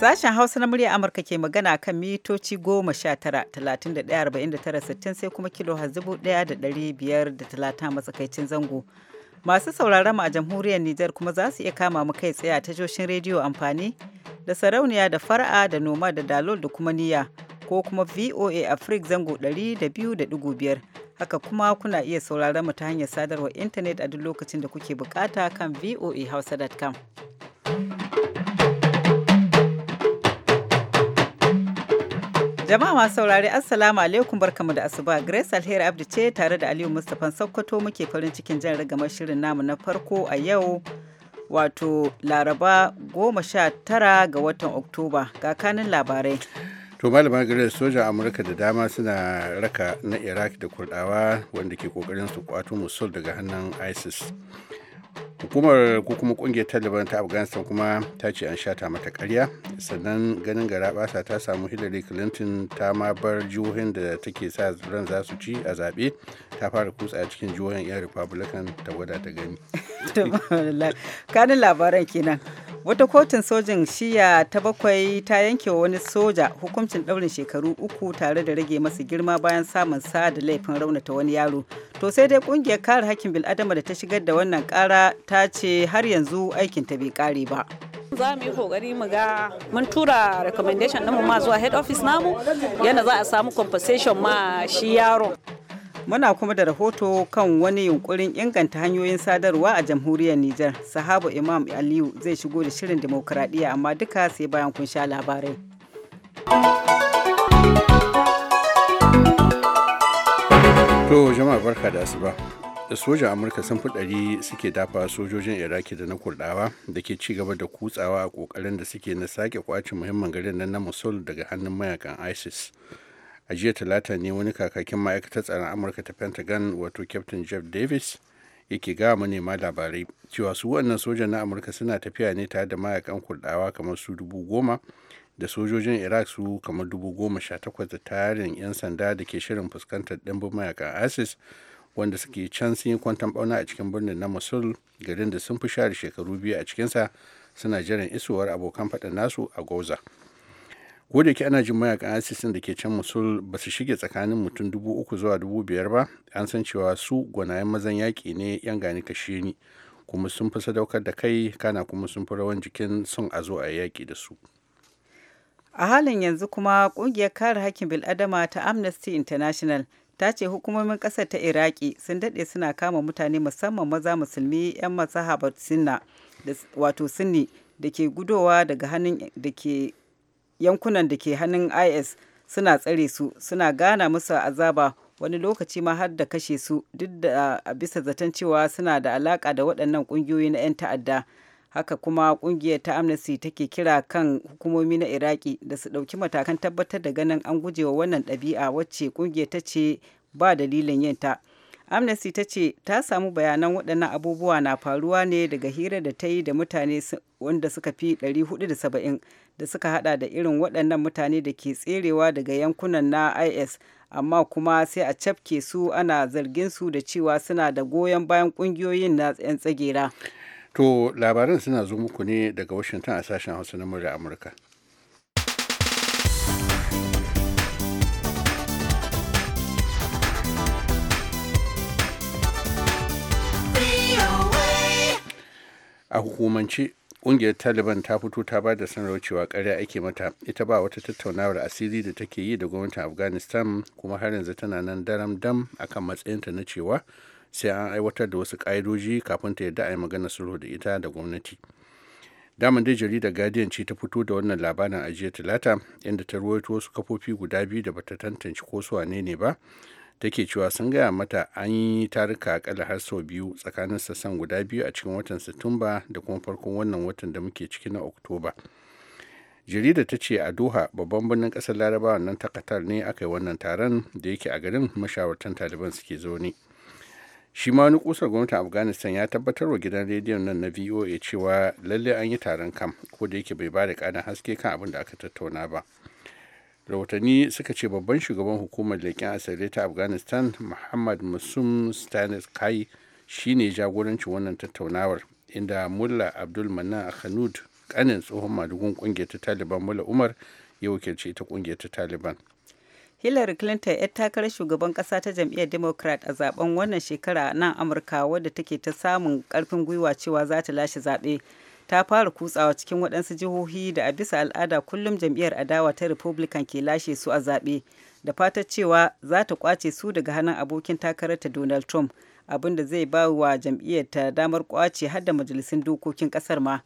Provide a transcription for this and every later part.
Sashen Hausa na murya Amurka ke magana kan mitoci goma sha tara, talatin sittin sai kuma kilo hazibu ɗaya da ɗari biyar da talata matsakaicin zango. Masu sauraron mu a jamhuriyar Nijar kuma za su iya kama mu kai tsaye a tashoshin rediyo amfani da sarauniya da fara'a da noma da dalol da kuma niyya ko kuma VOA Africa zango ɗari da biyu da ɗigo biyar. Haka kuma kuna iya sauraron mu ta hanyar sadarwar intanet a duk lokacin da kuke bukata kan voahausa.com. Jama'a masu saurari Assalamu alaikum barkamu da asuba Grace Alheri Abdi ce tare da Aliyu Mustapha Sokoto muke farin cikin jan ragamar shirin namu na farko a yau wato Laraba goma sha tara ga watan Oktoba ga kanin labarai. To malama Grace sojan Amurka da dama suna raka na Iraq da Kurdawa wanda ke kokarin su kwato musul daga hannun ISIS. hukumar ko kuma kungiyar taliban ta afghanistan kuma ta ce an shata mata karya sannan ganin gara basa ta samu hillary clinton ta ma bar jihohin da take sa ran za su ci a zaɓe ta fara kutsa a cikin jihohin yan republican ta gwada ta gani kanin labaran kenan wata kotun sojin shiya ta bakwai ta yanke wa wani soja hukuncin ɗaurin shekaru uku tare da rage masa girma bayan samun sa da laifin raunata wani yaro to sai dai kungiyar kare hakkin bil'adama da ta shigar da wannan ƙara ta ce har yanzu aikin ta bai kare ba za mu yi kokari mu ga mun tura recommendation mu ma zuwa head office namu yana za a samu compensation ma shi yaron Muna kuma da rahoto kan wani yunkurin inganta hanyoyin sadarwa a jamhuriyar Nijar. Sahabu Imam Aliyu zai shigo da shirin demokuraɗiyya amma duka sai bayan kun sha labarai. To jama'a barka da asuba. da sojan amurka sun fi ɗari suke dafa sojojin iraki da na kurdawa da ke ci gaba da kutsawa a kokarin da suke na sake kwace muhimman garin na mosul daga hannun mayakan isis a jiya talata ne wani kakakin ma'aikatar tsaron amurka ta pentagon wato captain jeff davis yake ga manema labarai cewa su wannan sojan na amurka suna tafiya ne tare da mayakan kurdawa kamar su dubu goma da sojojin iraq su kamar dubu goma sha takwas da tarin 'yan sanda da ke shirin fuskantar ɗimbin mayakan isis wanda suke can sun yi kwantan bauna a cikin birnin na mosul garin da sun fi share shekaru biyu a cikinsa suna jiran isowar abokan faɗa nasu a goza ko da yake ana jin mayakan isis da ke can musul ba su shige tsakanin mutum dubu uku zuwa dubu biyar ba an san cewa su gwanayen mazan yaƙi ne yan gani kashe ni kuma sun fi sadaukar da kai kana kuma sun fi rawan jikin sun a zo a yaƙi da su a halin yanzu kuma ƙungiyar kare hakkin bil'adama ta amnesty international ta ce hukumomin ƙasar ta iraki sun daɗe suna kama mutane musamman maza musulmi 'yan masahabar sunna wato sinni da ke gudowa daga hannun da ke yankunan da ke hannun is suna tsare su suna gana musu azaba wani lokaci ma har da kashe su duk da a bisa zaton cewa suna da alaka da waɗannan ƙungiyoyi na 'yan ta'adda haka kuma ƙungiyar ta amnesty take kira kan hukumomi na iraki da su ɗauki matakan tabbatar da ganin an gujewa wannan ɗabi'a wacce ƙungiyar ta ce ba dalilin yin ta amnesty ta ce ta samu bayanan waɗannan abubuwa na faruwa ne daga hira da ta yi da mutane wanda suka fi 470 da suka hada da irin waɗannan mutane da ke tserewa daga yankunan na is amma kuma sai a cafke su ana zargin su da cewa suna da goyon bayan ƙungiyoyin na 'yan tsagera to labaran suna zo muku ne daga washington a sashen hausa na murya amurka a hukumance ƙungiyar taliban ta fito ta ba da sanarwar cewa karya ake mata ita ba wata tattaunawar asiri da take yi da gwamnatin afghanistan kuma har yanzu tana nan daram dam akan matsayinta na cewa sai an aiwatar da wasu ka'idoji kafin ta yarda a yi magana sulhu da ita da gwamnati daman dai jaridar guardian ce ta fito da wannan labarin ajiyar talata inda ta ruwaito wasu kafofi guda biyu da bata tantance ko su ne ba take cewa sun gaya mata an yi taruka akalla har sau biyu tsakanin sassan guda biyu a cikin watan satumba da kuma farkon wannan watan da muke ciki na oktoba jarida ta ce a doha babban birnin kasar larabawa nan ta qatar ne aka yi wannan taron da yake a garin mashawartan taliban suke zaune shi ma wani kusur gwamnatin afghanistan ya tabbatar wa gidan rediyon nan na voa cewa lallai an yi taron kam ko da yake bai ba da ƙarin haske kan abin da aka tattauna ba rahotanni suka ce babban shugaban hukumar leƙen asirai ta afghanistan muhammad musum stanis kai shine jagorancin wannan tattaunawar inda mulla abdul manna khanud kanin tsohon madugun kungiyar ta taliban mulla umar ya wakilci ta kungiyar ta taliban hillary clinton yar takarar shugaban kasa ta jam'iyyar democrat a zaben wannan shekara nan amurka wadda take ta samun karfin gwiwa cewa za ta lashe zaɓe ta fara kutsawa cikin waɗansu jihohi da a bisa al'ada kullum jam'iyyar adawa ta republican ke lashe su a zaɓe da fata cewa za ta kwace su daga hannun abokin takararta donald trump abin da zai ba wa jam'iyyar ta damar kwace har da majalisun dokokin ƙasar ma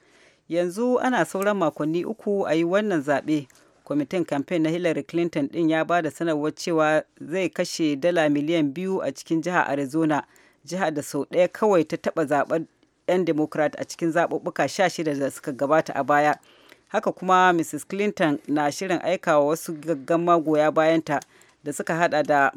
yanzu ana sauran makonni uku a yi wannan zaɓe kwamitin kamfen na hillary clinton ɗin ya ba da sanarwar cewa zai kashe dala miliyan biyu a cikin jiha arizona jiha da sau ɗaya kawai ta taɓa zaɓen 'yan democrat a cikin zaɓuɓɓuka shida da suka gabata a baya haka kuma mrs clinton na shirin aikawa wasu gaggan magoya bayanta da suka hada da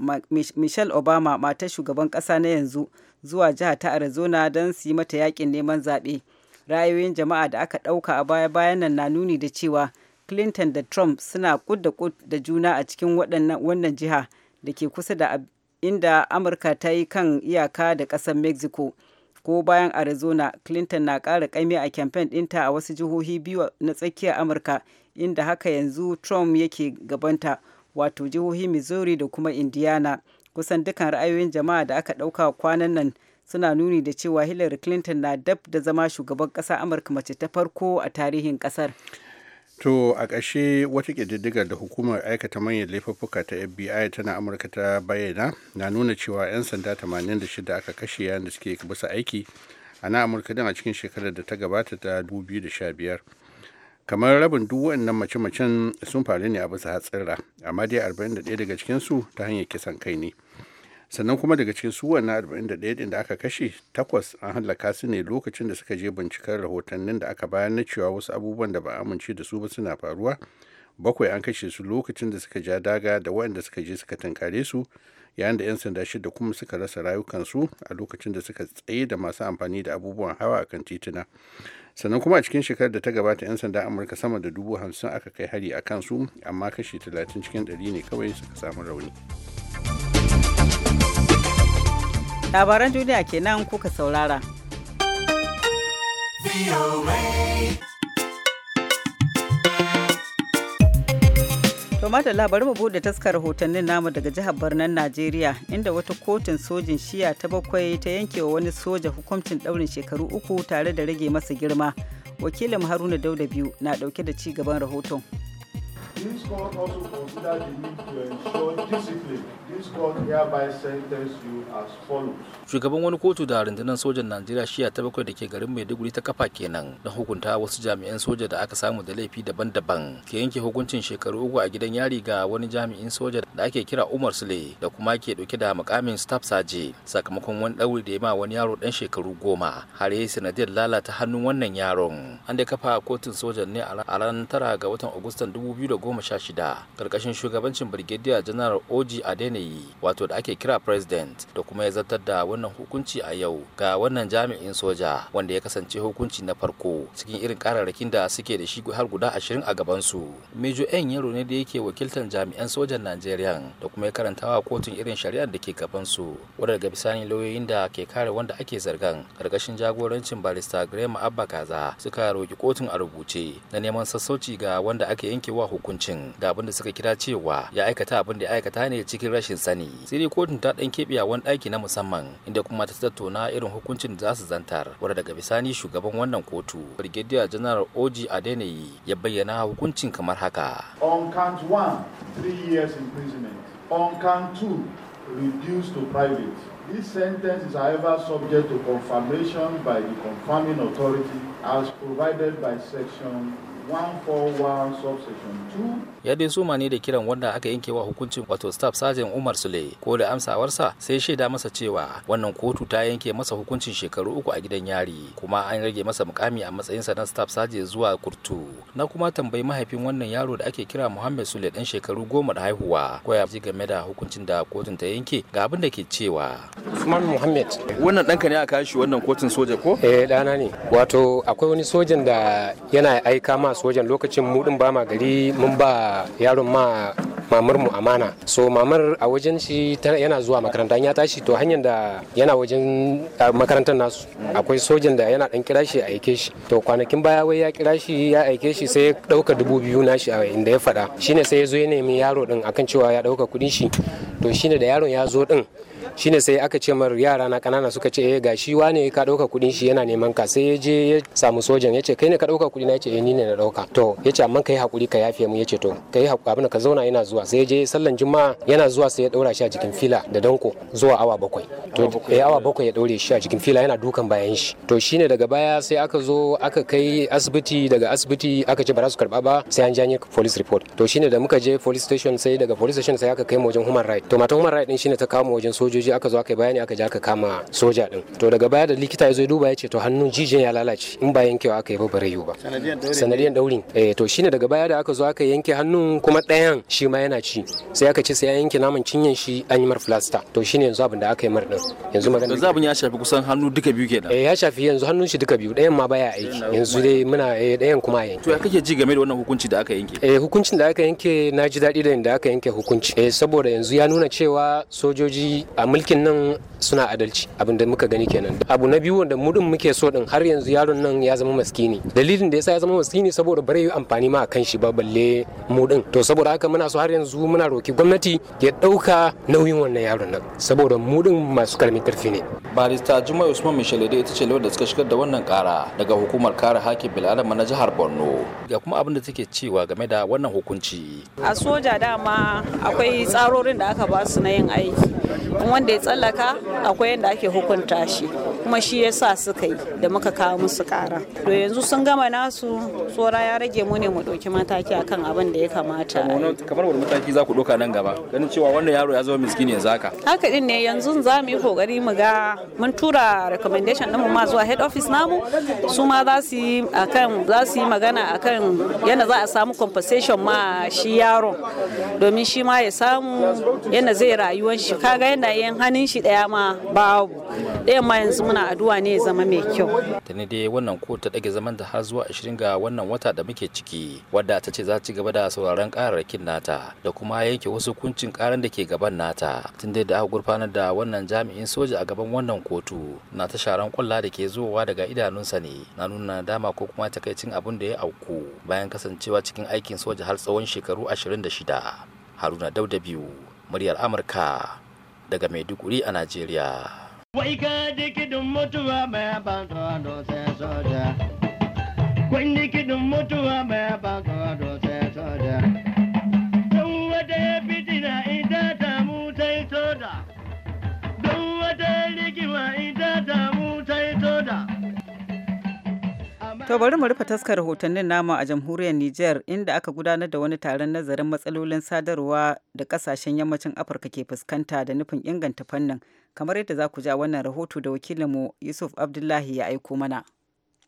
michelle obama matar shugaban ƙasa na yanzu zuwa jiha ta arizona don su yi mata yakin neman zaɓe ra'ayoyin jama'a da aka ɗauka a baya bayan nan na nuni da cewa clinton da trump suna kud da juna a cikin wannan jiha da ke kusa da inda amurka ta yi kan iyaka da ƙasar mexico ko bayan arizona clinton na ƙara ƙaimi a kamfen ɗinta a wasu jihohi biyu na tsakiyar amurka inda haka yanzu trump yake gabanta wato jihohi missouri da kuma indiana kusan dukkan ra'ayoyin jama'a da aka ɗauka kwanan nan suna nuni da cewa hillary clinton na dab da zama shugaban ƙasa amurka mace ta farko a tarihin ƙasar To a ƙashe wata ƙididdigar da hukumar aikata manyan laifuffuka ta FBI tana Amurka ta bayyana na nuna cewa 'yan sanda 86 aka kashe yayin da suke bisa aiki a na Amurka din a cikin shekarar da ta gabata ta 2015. Kamar rabin duk waɗannan mace-macen sun faru ne a bisa hatsira, amma dai 41 daga cikinsu ta hanyar kisan kai ne. sannan kuma daga cikin su wannan 41 din da aka kashe takwas an hallaka su ne lokacin da suka je binciken rahotannin da aka bayar na cewa wasu abubuwan da ba a amince da su ba suna faruwa bakwai an kashe su lokacin da suka ja daga da waɗanda suka je suka tankare su yayin da 'yan sanda shida kuma suka rasa rayukansu a lokacin da suka tsaye da masu amfani da abubuwan hawa a kan tituna sannan kuma a cikin shekarar da ta gabata 'yan sanda amurka sama da dubu hamsin aka kai hari a kansu amma kashe talatin cikin ɗari ne kawai suka samu rauni. labaran duniya kenan kuka saurara To da bari mu bude taskar rahotannin namu daga jihar Barnan Najeriya inda wata kotun sojin shiya ta bakwai ta yankewa wani soja hukuncin daurin shekaru uku tare da rage masa girma. Wakilin Haruna Dauda biyu na dauke da ci gaban rahoton. This court also consider the need to ensure discipline. This court hereby sentences you as follows. Shugaban wani kotu da rundunar sojan Najeriya shiya ta bakwai da ke garin Maiduguri ta kafa kenan don hukunta wasu jami'an soja da aka samu da laifi daban-daban. Ke yanke hukuncin shekaru uku a gidan yari ga wani jami'in soja da ake kira Umar Sule da kuma ke dauke da mukamin staff saje sakamakon wani ɗauri da ya ma wani yaro dan shekaru goma har yayi sanadiyar lalata hannun wannan yaron. An da kafa kotun sojan ne a ranar 9 ga watan Agustan 2010 2016 shida karkashin shugabancin brigadier general oji adeniyi wato da ake kira president da kuma ya zartar da wannan hukunci a yau ga wannan jami'in soja wanda ya kasance hukunci na farko cikin irin kararrakin da suke da shi har guda ashirin a gabansu mejo en yaro ne da yake wakiltar jami'an sojan najeriya da kuma ya karantawa kotun irin shari'ar da ke gabansu wadda daga bisani lauyoyin da ke kare wanda ake zargan karkashin jagorancin barista grema abba kaza suka roki kotun a rubuce na neman sassauci ga wanda aka yanke wa hukunci hukuncin da abin da suka kira cewa ya aikata abin da ya aikata ne cikin rashin sani sai dai kotun ta dan kebe a wani ɗaki na musamman inda kuma ta tattauna irin hukuncin da za su zantar wanda daga bisani shugaban wannan kotu brigadier general oji adeneyi ya bayyana hukuncin kamar haka on count one three years imprisonment on count two reduced to private This sentence is, however, subject to confirmation by the confirming authority as provided by section 141 subsection 2 ya dai suma ne da kiran wanda aka yanke wa hukuncin wato staff sergeant Umar Sule ko da amsawarsa sai shaida masa cewa wannan kotu ta yanke masa hukuncin shekaru uku a gidan yari kuma an rage masa mukami a matsayinsa na staff sergeant zuwa kurtu na kuma tambayi mahaifin wannan yaro da ake kira Muhammad Sule dan shekaru goma da haihuwa ko ya ji game da hukuncin da kotun ta yanke ga abin da ke cewa Usman Muhammad wannan danka ne aka kashi wannan kotun soja ko eh dana ne wato akwai wani sojan da yana aika ma sojan lokacin mu din ba ma gari mun ba yaron ma mamar mu amana so mamar a wajen shi yana zuwa makaranta ya tashi to hanyar da yana wajen makarantar nasu akwai sojan da yana dan kira shi a aike shi to kwanakin baya wai ya kira shi ya aike shi sai ya dauka dubu biyu nashi a inda ya faɗa shine sai ya zo ya nemi yaro din akan cewa ya dauka kudin shi to shine da yaron ya zo din shine sai aka ce mar yara na kanana suka ce eh gashi wane ka dauka kudin shi yana neman ka sai ya je ya samu sojan Ya ce kai ne ka dauka kudi na Ya eh ni ne na dauka to ce amma kai hakuri ka yafe mu ce to kai hakuri abin ka zauna yana zuwa sai ya je sallan juma'a yana zuwa sai ya daura shi a jikin fila da danko zuwa awa bakwai to eh awa bakwai ya daure shi a jikin fila yana dukan bayan shi to shine daga baya sai aka zo aka kai asibiti daga asibiti aka ce ba za su karba ba sai an janye police report to shine da muka je police station sai daga police station sai aka kai mu wajen human right to matan human right din shine ta kawo mu wajen sojoji sojoji aka zo aka bayani aka je aka kama soja din to daga baya da likita ya zo duba ya ce to hannun jijin ya lalace in ba yankewa aka yi ba bare ba sanadiyan daurin eh to shine daga baya da aka zo aka yanke hannun kuma ɗayan shi ma yana ci sai aka ce sai ya yanke naman cinyan shi an yi mar plaster to shine yanzu abin da aka yi mar din yanzu magana yanzu zabin ya shafi kusan hannu duka biyu kenan eh ya shafi yanzu hannun shi duka biyu ɗayan ma baya aiki yanzu dai muna eh ɗayan kuma yanke to ya kake ji game da wannan hukunci da aka yanke eh hukuncin da aka yanke na ji daɗi da yanda aka yanke hukunci eh saboda yanzu ya nuna cewa sojoji a mulkin nan suna adalci abin da muka gani kenan abu na biyu wanda mudin muke so din har yanzu yaron nan ya zama maskini dalilin da yasa ya zama maskini saboda bare yi amfani ma kan shi ba balle mudin to saboda haka muna so har yanzu muna roki gwamnati ya dauka nauyin wannan yaron nan saboda mudin masu karamin karfi ne barista jimai usman da ita ce da suka shigar da wannan kara daga hukumar kare hakin bil'adama na jihar borno ga kuma abin da take cewa game da wannan hukunci a soja dama akwai tsarorin da aka ba su na yin aiki wanda ya tsallaka akwai yadda ake hukunta shi kuma shi ya sa suka yi da muka kawo musu kara to yanzu sun gama nasu tsora ya rage mu ne mu ɗauki mataki akan abin da ya kamata kamar wani mataki za ku ɗauka nan gaba ganin cewa wannan yaro ya zama miskini yanzu zaka. haka din ne yanzu za mu yi kokari mu ga mun tura recommendation mu ma zuwa head office namu su ma za su yi akan za su yi magana akan yadda za a samu compensation ma shi yaron domin shi ma ya samu yadda zai rayuwar shi kaga yadda yan hannun shi ɗaya ma babu ɗayan ma yanzu muna addu'a ne ya zama mai kyau ne dai wannan ko ta dage zaman da har zuwa 20 ga wannan wata da muke ciki wadda ta ce za ci gaba da sauraron kararrakin nata da kuma yanke wasu hukuncin karan da ke gaban nata tun dai da aka gurfanar da wannan jami'in soja a gaban wannan wannan kotu na ta sharan kwalla da ke zuwa daga idanunsa ne na nuna dama ko kuma takaicin abin da ya auku bayan kasancewa cikin aikin soja har tsawon shekaru 26 haruna dauda biyu muryar amurka daga maiduguri a najeriya wai ka dikidin mutuwa mai soja mutuwa mai soja To bari mu rufe taskar rahotannin namu a jamhuriyar Nijar inda aka gudanar da wani taron nazarin matsalolin sadarwa da kasashen yammacin Afirka ke fuskanta da nufin inganta fannin kamar yadda za ku ja wannan rahoto da wakilinmu Yusuf Abdullahi ya aiko mana.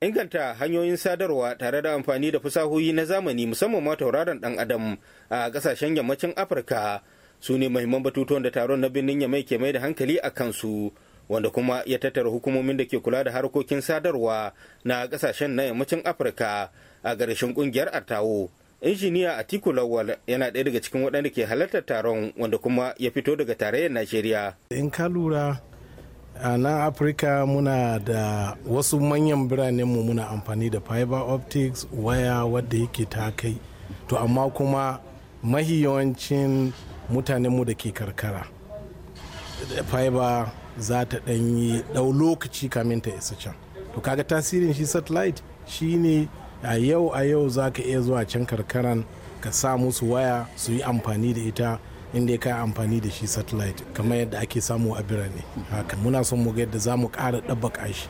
inganta hanyoyin sadarwa tare da amfani da fasahohi na zamani musamman ma tauraron dan adam a kasashen yammacin afirka su ne mahimman batutuwan da taron na birnin yamai ke mai da hankali a kansu wanda kuma ya tattara hukumomin da ke kula da harkokin sadarwa na kasashen na yammacin afirka a garishin kungiyar artawo injiniya atiku lawal yana ɗaya daga cikin waɗanda ke halartar taron wanda kuma ya fito daga tarayyar najeriya in ka lura a nan afirka muna da wasu manyan mu muna amfani da fiber optics waya wadda yake ta kai to amma kuma mahi yawancin mutanenmu da ke karkara fiber za ta yi ɗau lokaci kamin ta isa can to kaga tasirin shi satellite shine a yau a yau za ka iya zuwa can karkaran ka sa musu waya su yi amfani da ita inda ya kai amfani da shi satellite kamar yadda ake samu a birane haka muna son mu ga yadda za mu ƙara ɗabbaka shi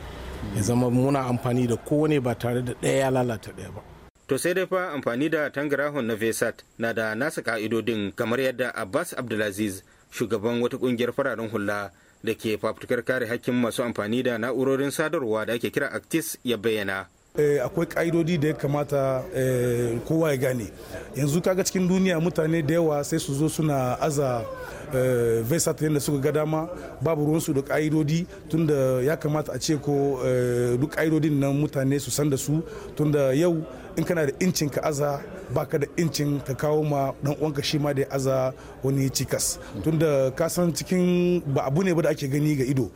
ya zama muna amfani da kowane ba tare da ɗaya ya lalata ɗaya ba to sai dai fa amfani da tangarahon na vesat na da nasa ka'idodin kamar yadda abbas abdulaziz shugaban wata kungiyar fararen hula da ke fafutukar kare hakkin masu amfani da na'urorin sadarwa da ake kira actis ya bayyana eh, akwai ƙa'idodi da ya kamata eh, kowa ya gane yanzu kaga cikin duniya mutane da yawa sai su zo suna aza eh, vesat yadda suka ga dama babu ruwansu da ƙa'idodi tunda ya kamata a ce ko duk ƙa'idodin nan mutane su san da su tunda yau in kana da incin ka aza baka da incin ka kawo ma dan uwanka shi ma da ya aza wani cikas tunda ka san cikin ba abu ne ba da ake gani ga ido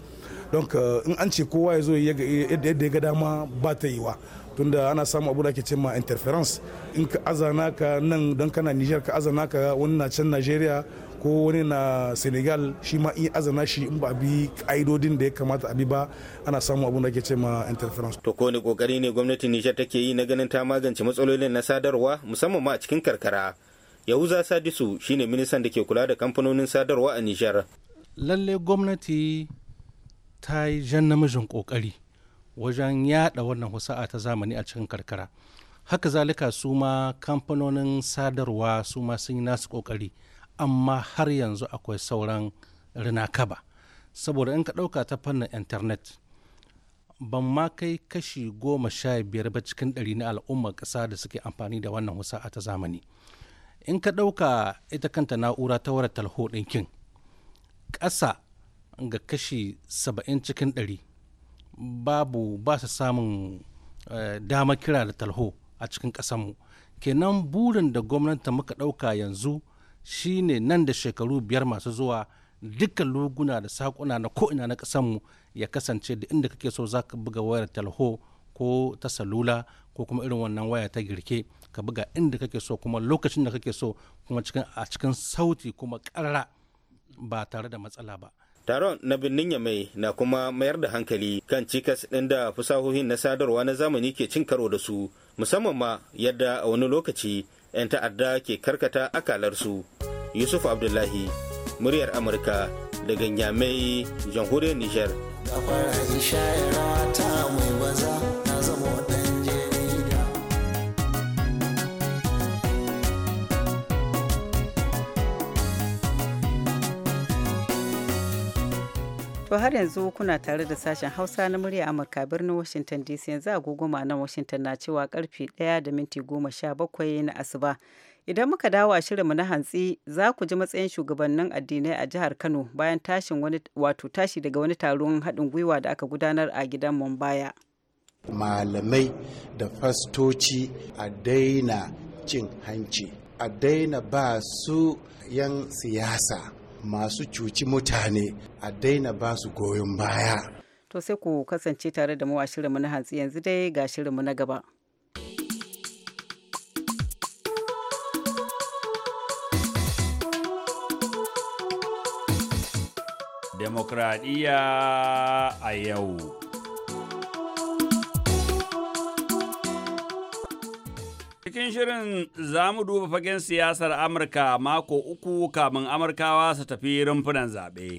don in an ce kowa ya zo yadda ya ga dama ba ta yiwa tunda ana samu abu da ke ma interference in ka aza naka nan don kana nijar ka aza naka wani na can nigeria ko wani na senegal shi ma in azana shi in ba bi ka'idodin da ya kamata a bi ba ana samun abun da ke ce ma interference to ko ne kokari ne gwamnatin nijar take yi na ganin ta magance matsalolin na sadarwa musamman ma a cikin karkara yahuza sadisu shine ministan da ke kula da kamfanonin sadarwa a nijar lalle gwamnati ta yi jan namijin kokari wajen yada wannan husa'a ta zamani a cikin karkara haka zalika su ma kamfanonin sadarwa su ma sun yi nasu kokari amma har yanzu akwai sauran rinakaba saboda in ka ɗauka ta fannin intanet ban ma kai kashi goma sha biyar ba cikin ɗari na al'ummar ƙasa da suke amfani da wannan a ta zamani in ka ɗauka ita kanta na'ura ta wara talho ɗinkin ƙasa ga kashi saba'in cikin ɗari babu ba su samun eh, dama kira da talho a cikin ƙasanmu kenan burin da gwamnati muka ɗauka yanzu shine nan da shekaru biyar masu zuwa dukkan luguna da sakuna na ko'ina na kasanmu ya kasance da inda kake so za ka buga wayar talho ko ta salula ko kuma irin wannan waya ta girke ka buga inda kake so kuma lokacin da kake so kuma a cikin sauti kuma ƙarara ba tare da matsala ba. taron na birnin yamai na kuma mayar da hankali kan cikas ɗin da fasahohin na sadarwa na zamani ke cin karo da su musamman ma yadda a wani lokaci 'yan ta'adda ke karkata akalarsu yusuf abdullahi muryar amurka daga nyamai jamhuriyar nijar. To har yanzu kuna tare da sashen Hausa na murya Amurka birnin Washington DC yanzu agogoma nan Washington na cewa karfe 1 da minti 17 na Asuba. Idan muka dawo a shirinmu na hantsi za ku ji matsayin shugabannin addinai a jihar Kano bayan tashin wani wato tashi daga wani taron haɗin gwiwa da aka gudanar a gidan Mumbaya. Malamai da fastoci a daina cin hanci, a daina ba su 'yan siyasa masu cuci mutane a daina ba su goyon baya. To sai ku kasance tare da mu a shirinmu na hantsi yanzu dai ga shirinmu na gaba. Demokradiyya a yau. cikin shirin za mu duba fagen siyasar Amurka mako uku kamin Amurkawa su tafi rumfunan zaɓe.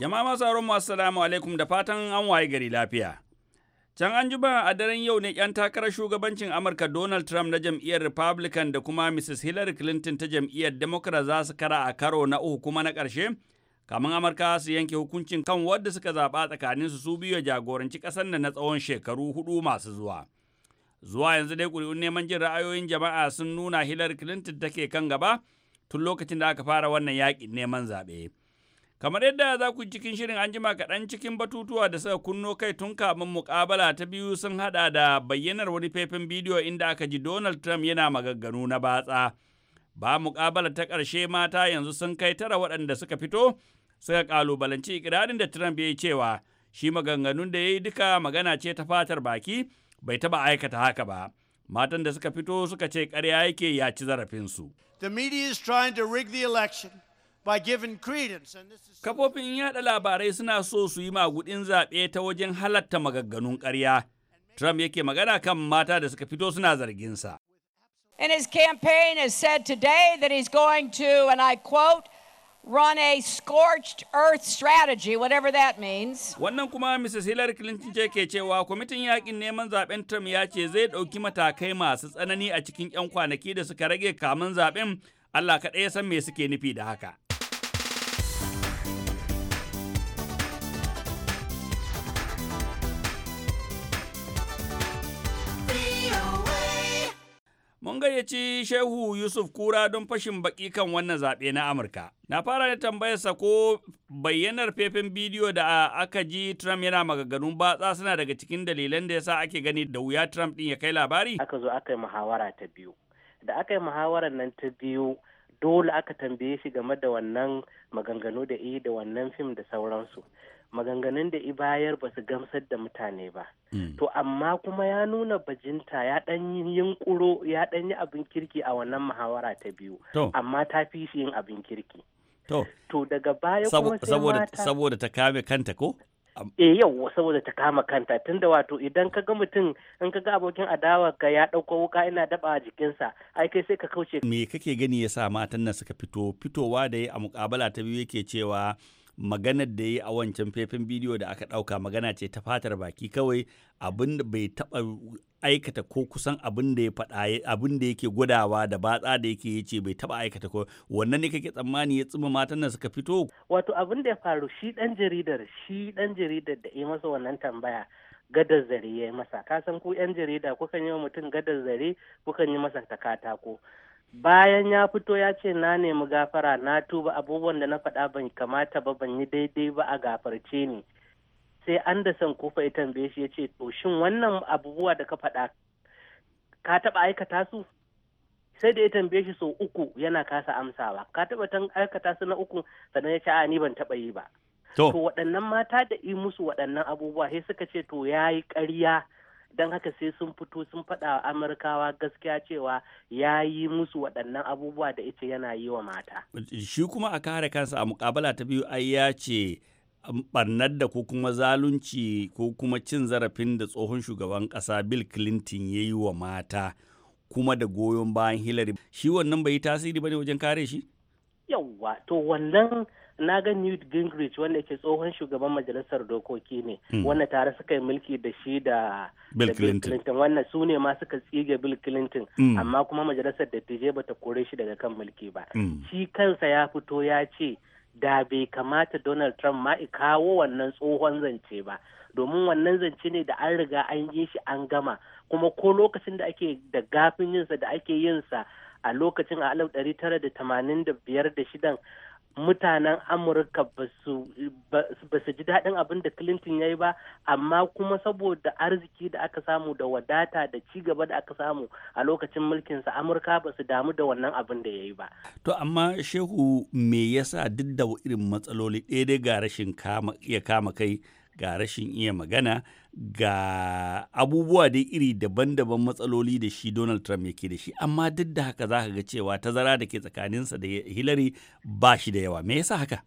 Jama'a masu aron masu salamu alaikum da fatan an waye gari lafiya. Can an ba a daren yau ne 'yan takarar shugabancin Amurka Donald Trump na jam'iyyar Republican da kuma Mrs. Hillary Clinton ta jam'iyyar Democrat za su kara a karo na uku kuma na ƙarshe kamar amurka su yanke hukuncin kan wadda suka zaɓa tsakanin su su biyu jagoranci kasar da na tsawon shekaru hudu masu zuwa zuwa yanzu dai kuri'un neman jin ra'ayoyin jama'a sun nuna hillary clinton take kan gaba tun lokacin da aka fara wannan yakin neman zaɓe kamar yadda za ku cikin shirin an jima kaɗan cikin batutuwa da suka kunno kai tun kamin mukabala ta biyu sun haɗa da bayyanar wani faifin bidiyo inda aka ji donald trump yana magagganu na batsa ba muƙabala ta karshe mata yanzu sun kai tara waɗanda suka fito suka kalubalanci ikirarin da Trump ya yi cewa shi maganganun da ya yi duka magana ce ta fatar baki bai taba aikata haka ba. Matan da suka fito suka ce ƙarya yake ya ci zarafinsu. Kafofin yada labarai suna so su yi magudin zaɓe ta wajen halatta magagganun karya Trump yake magana kan mata da suka fito suna zarginsa. in his campaign has said today that he's going to, and I quote, run a scorched earth strategy, whatever that means. Wannan kuma Mrs. Hillary Clinton ce ke cewa kwamitin yakin neman zaben Trump ya ce zai ɗauki matakai masu tsanani a cikin 'yan kwanaki da suka rage kamun zaben Allah kaɗai ya san me suke nufi da haka. mun gayyaci Shehu Yusuf Kura don fashin baki kan wannan zaɓe na Amurka. Na fara da tambayarsa ko bayyanar faifin bidiyo da aka ji Trump yana maganganun batsa suna daga cikin dalilan da yasa ake gani da wuya Trump ɗin ya kai labari? Aka zo aka yi muhawara ta biyu. Da aka yi muhawarar nan ta biyu dole aka tambaye shi game da wannan maganganu da yi da wannan fim da sauransu. maganganun da i bayar ba su gamsar da mutane ba. Hmm. To amma kuma ya nuna bajinta ya ɗan yi ya ɗan yi abin kirki a wannan muhawara ta biyu. Amma ta fi shi yin abin kirki. To daga baya kuma sai Saboda ta kame kanta ko? e eh, yau saboda ta kama kanta tunda wato idan ka ga mutum in ka ga abokin adawa ka ya ɗauko wuka ina daba jikinsa ai kai sai ka kauce me kake gani yasa matan nan suka fito fitowa da a mukabala ta biyu yake cewa maganar da ya yi a wancan faifin bidiyo da aka ɗauka magana ce ta fatar baki kawai abin da bai taɓa aikata ko kusan abin da ya faɗa abin da yake gudawa da batsa da yake yace bai taɓa aikata ko wannan ne kake tsammani ya tsima matan nan suka fito wato abin da ya faru shi dan jaridar shi dan jaridar da ya masa wannan tambaya gadar zare ya yi masa kasan ku yan jarida kukan yi wa mutum gadar zare kukan yi masa takatako bayan ya fito ya ce na nemi gafara na tuba abubuwan da na faɗa ban kamata ba ban yi daidai ba a gafarce ni sai anderson kofa ya tambaye shi ya ce to shin wannan abubuwa da ka faɗa ka taɓa aikata su sai da ya tambaye shi sau uku yana kasa amsawa ka taɓa tan aikata su na uku sannan ya ce a ni ban taɓa yi ba to waɗannan mata da yi musu waɗannan abubuwa sai suka ce to ya yi ƙarya don haka sai sun fito sun faɗa wa amurkawa gaskiya cewa ya yi musu waɗannan abubuwa da ita yana yi wa mata shi kuma a kare kansa a mukabala ta biyu ai ya ce barnar da ko kuma zalunci ko kuma cin zarafin da tsohon shugaban ƙasa bill clinton ya yi wa mata kuma da goyon bayan hillary shi wannan bai yi tasiri ba ne wajen kare shi yawwa to wannan na ga newt gingrich wanda ke tsohon shugaban majalisar dokoki ne hmm. wanda tare suka yi mulki da shi da bill clinton wannan su ne ma suka tsige bill clinton hmm. amma kuma majalisar dattijai bata kore shi daga kan mulki ba hmm. shi kansa ya fito ya ce da bai kamata donald trump ma kawo wannan tsohon zance ba domin wannan zance ne da an riga an yi shi an gama kuma ko lokacin da ake da gafin yinsa da ake yinsa a lokacin a 1985 ɗari tara da tamanin da da shidan mutanen amurka ba su ji daɗin abin da clinton ya yi ba amma kuma saboda arziki da aka samu da wadata da ci gaba da aka samu a lokacin mulkinsa amurka ba su damu da wannan abin da ya yi ba to amma shehu me yasa duk da irin matsaloli ɗaya dai ga rashin ya kama kai ga rashin iya magana ga abubuwa dai iri daban-daban matsaloli da shi Donald Trump yake da shi amma duk da haka zaka ga cewa tazara da ke tsakaninsa da Hillary ba shi da yawa me yasa haka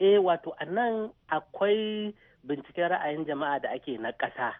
eh wato anan akwai binciken ra'ayin jama'a da ake na ƙasa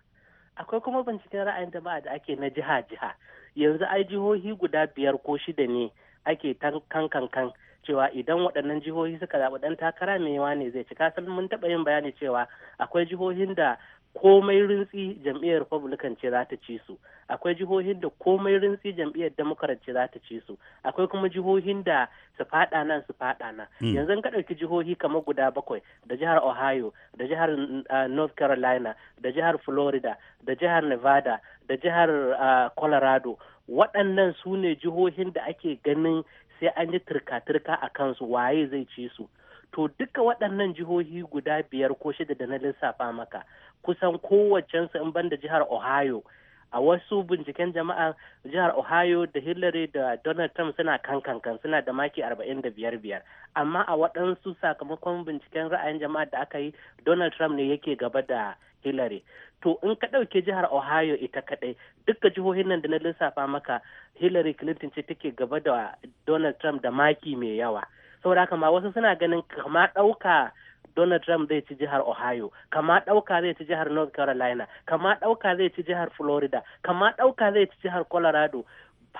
akwai kuma binciken ra'ayin jama'a da ake na jiha-jiha yanzu ai jihohi guda biyar ko shida ne ake kan kan cewa idan waɗannan jihohi suka zaɓi ɗan takara mai yawa ne zai ci kasan mun taɓa yin bayani cewa akwai jihohin da komai rintsi jam'iyyar republican ce za ta ci su akwai jihohin da komai rintsi jam'iyyar democrat ce za ta ci su akwai kuma jihohin da su fada nan su fada nan hmm. yanzu ka ɗauki jihohi kamar guda bakwai da jihar ohio da jihar ah, north carolina da jihar florida da jihar nevada da jihar ah, colorado waɗannan su ne jihohin da ake ganin sai an yi turka-turka a kansu waye zai ci su to duka waɗannan jihohi guda biyar ko shida da na lissafa maka kusan kowacensu in banda jihar ohio a wasu binciken jama'a jihar ohio da hillary da donald trump suna kankankan suna da maki arba'in da biyar-biyar amma a waɗansu sakamakon binciken ra'ayin jama'a da aka yi donald trump ne yake gaba da hillary to in ka ɗauke jihar ohio ita kaɗai dukkan jihohin nan da na lissafa maka hillary clinton ce take gaba da donald trump da maki mai yawa saboda haka ma wasu suna ganin kama ɗauka Donald Trump zai ci jihar Ohio, kama ɗauka zai ci jihar North Carolina, kama ɗauka zai ci jihar Florida, kama ɗauka zai ci jihar Colorado.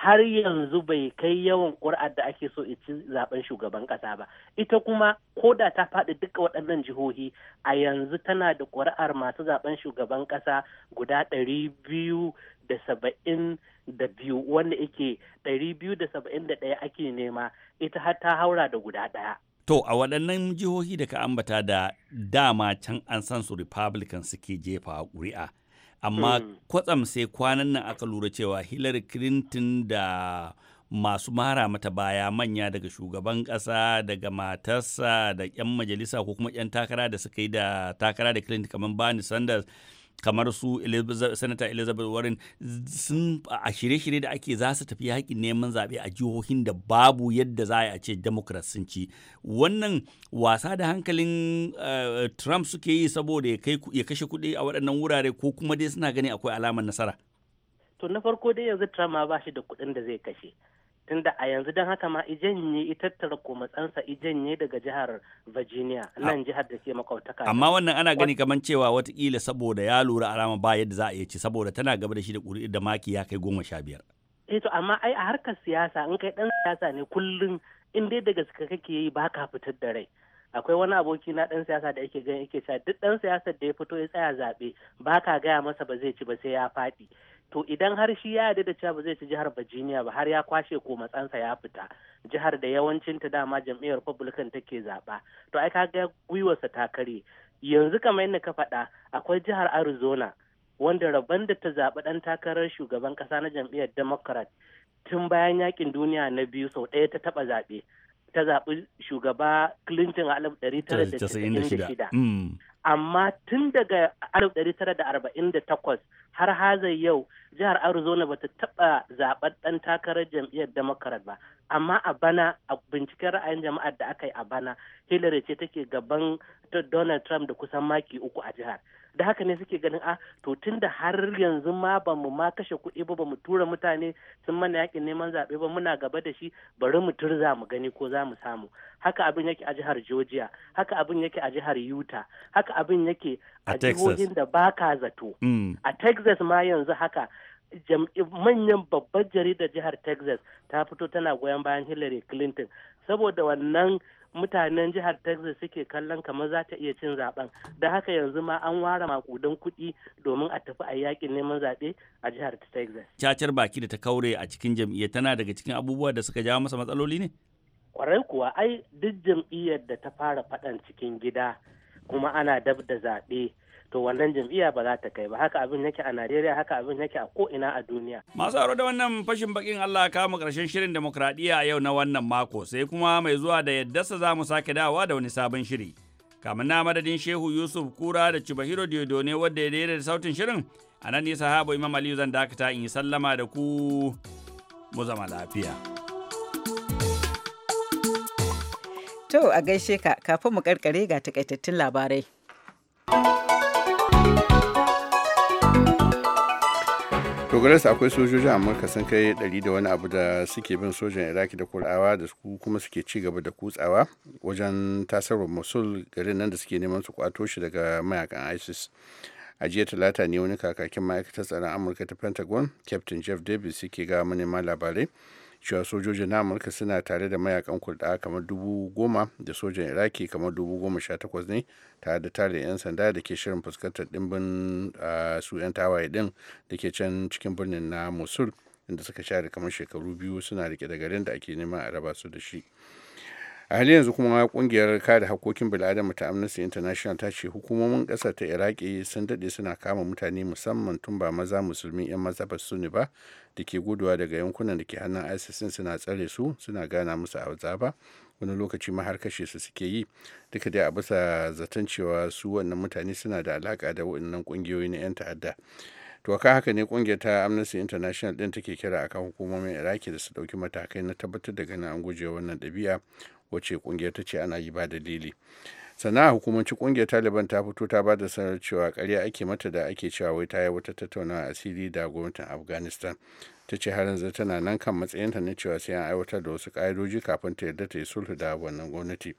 har yanzu bai kai yawan ƙuri'ar da ake so ci zaben shugaban ƙasa ba ita kuma ko da ta faɗi duka waɗannan jihohi a yanzu tana da ƙuri'ar masu zaben shugaban ƙasa guda ɗari biyu da saba'in da biyu wanda ake ɗari biyu da saba'in da ɗaya ake nema ita har ta haura da guda ɗaya To, a waɗannan jihohi da ka ambata da dama can an san su Republican suke jefa ƙuri'a. amma hmm. kwatsam sai kwanan nan aka lura cewa hillary clinton da masu mara mata baya manya daga shugaban kasa daga matarsa da 'yan majalisa ko kuma 'yan takara da suka yi da takara da clinton kamar bernie sanders kamar su sanata elizabeth warren sun a shirye-shirye da ake za su tafi haƙin neman zaɓe a jihohin da babu yadda za a ce democrats sun ci wannan wasa da hankalin eh, trump suke yi saboda ya kashe kuɗi a waɗannan wurare ko kuma dai suna gani akwai alamar nasara to na farko dai yanzu trump ma ba shi da kuɗin da zai kashe tunda a yanzu don haka ma ijanye itattara komatsansa ijanye daga jihar virginia nan jihar da ke makautaka amma wannan ana gani kamar cewa watakila saboda ya lura alama ba yadda za a iya ci saboda tana gaba da shi da ƙuri'ar da maki ya kai goma sha biyar eh to amma ai a harkar siyasa in kai dan siyasa ne kullum in dai da gaske kake yi ba ka fitar da rai akwai wani aboki na dan siyasa da ake gani yake cewa duk dan siyasar da ya fito ya tsaya zaɓe ba ka gaya masa ba zai ci ba sai ya faɗi to idan har shi ya yarda da cewa ba zai ci jihar Virginia ba har ya kwashe ko matsansa ya fita jihar da yawancin ta dama jam'iyyar Republican take zaba to ai kaga gwiwarsa ta kare yanzu kamar yadda ka faɗa akwai jihar Arizona wanda rabon da ta zaɓi ɗan takarar shugaban ƙasa na jam'iyyar Democrat tun bayan yakin duniya na biyu sau ɗaya ta taɓa zaɓe ta zaɓi shugaba Clinton a 1996 mm. amma tun daga 1948 har hazai yau jihar arizona bata taba zaben ɗan takarar jam'iyyar democrat ba amma a bana a binciken ra'ayin jama'ar da aka yi a bana hillary ce take gaban donald trump da kusan maki uku a jihar da haka ne suke ganin a ah, to tunda har yanzu ma ba mu ma kashe kuɗi ba ba mu tura mutane sun mana yakin neman zaɓe ba muna gaba da shi bari mu turza mu gani ko za mu samu haka abin yake a jihar georgia haka abin yake a jihar utah haka abin yake a jihohin da ba ka zato mm. a texas ma yanzu haka manyan babbar jaridar jihar texas ta fito tana goyon bayan hillary clinton saboda wannan mutanen jihar texas suke kallon kamar za ta iya cin zaben da haka yanzu ma an ware makudan kuɗi domin a tafi a yakin neman zaɓe a jihar texas cacar baki da ta kaure a cikin jam'iyyar tana daga cikin abubuwa da suka jawo masa matsaloli ne kwarai kuwa ai duk jam'iyyar da ta fara faɗan cikin gida kuma ana dab da zaɓe to wannan jam'iyya ba za ta kai ba haka abin yake a Najeriya haka abin yake a ko'ina a duniya. Masu aro da wannan fashin bakin Allah ka mu karshen shirin demokradiyya a yau na wannan mako sai kuma mai zuwa da yaddarsa za mu sake dawa da wani sabon shiri. Kamar na madadin Shehu Yusuf Kura da Cibahiro Diodo ne wanda ya daidai da sautin shirin a nan ne sahabo Imam Aliyu zan dakata in yi sallama da ku mu zama lafiya. To a gaishe ka kafin mu karkare ga takaitattun labarai. dogararsa akwai sojojin amurka sun kai ɗari da wani abu da suke bin sojan iraki da kurawa da su kuma suke ci gaba da kutsawa wajen tasarwar mosul garin nan da suke neman su kwato shi daga mayakan isis a jiya talata ne wani kakakin ma'aikatar tsaron amurka ta pentagon captain jeff davis suke ga manema labarai cewa sojojin na amurka suna tare da mayakan kurda kamar dubu goma da sojan iraki kamar dubu goma sha takwas ne tare da tare 'yan sanda da ke shirin fuskantar dimbin su 'yan tawaye din da ke can cikin birnin na mosul inda suka share kamar shekaru biyu suna rike da garin da ake neman a raba su da shi a halin yanzu kuma kungiyar kare hakokin bil'adama ta amnesty international ta ce hukumomin ƙasar ta iraki sun daɗe suna kama mutane musamman tun ba maza musulmi 'yan maza ba su ne ba da ke guduwa daga yankunan da ke hannun isis suna tsare su suna gana musu zaba wani lokaci ma har kashe su suke yi duka dai a bisa zaton cewa su wannan mutane suna da alaka da waɗannan ƙungiyoyi na 'yan ta'adda to ka haka ne kungiyar ta amnesty international din take kira akan hukumomin iraki da su ɗauki matakai na tabbatar da ganin an guje wannan ɗabi'a wacce kungiyar ta ce ana yi ba dalili sana'a hukumanci kungiyar taliban ta fito ta bada sanar cewa karya ake mata da ake cewa wai ta yi wata tattaunawa asiri da gwamnatin afghanistan ta ce har yanzu tana nan kan matsayinta na cewa sai an aiwatar da wasu ka'idoji kafin ta yarda ta yi sulhu da wannan gwamnati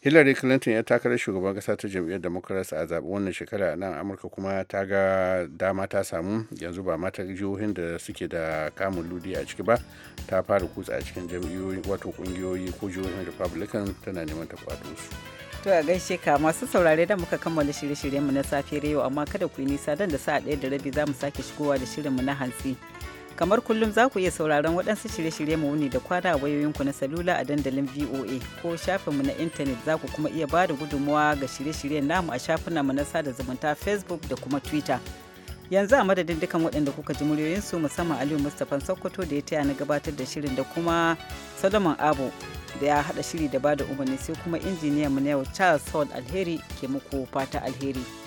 hillary clinton ya takarar shugaban kasa ta jam'iyyar democrats a zaɓi wannan shekara a nan amurka kuma ta ga dama ta samu yanzu ba mata jihohin da suke da kamun ludi a ciki ba ta fara kutsa a cikin jam'iyyoyi wato kungiyoyi ko jihohin republican tana neman ta kwato su to a gaishe ka masu saurare da muka kammala shirye-shiryenmu na safiyar yau amma kada ku yi nisa dan da sa'a ɗaya da rabi za mu sake shigowa da shirinmu na hantsi kamar kullum za ku iya sauraron waɗansu shirye-shirye mu wuni da kwana a wayoyinku na salula a dandalin voa ko shafinmu na intanet za ku kuma iya ba da gudunmawa ga shirye-shiryen namu a mu na sada zumunta facebook da kuma twitter yanzu a madadin dukan waɗanda kuka ji muryoyinsu musamman aliyu mustapha sokoto da ya taya na gabatar da shirin da kuma solomon abu da ya haɗa shiri da bada umarni sai kuma injiniyan mu na yau charles hall alheri ke muku fata alheri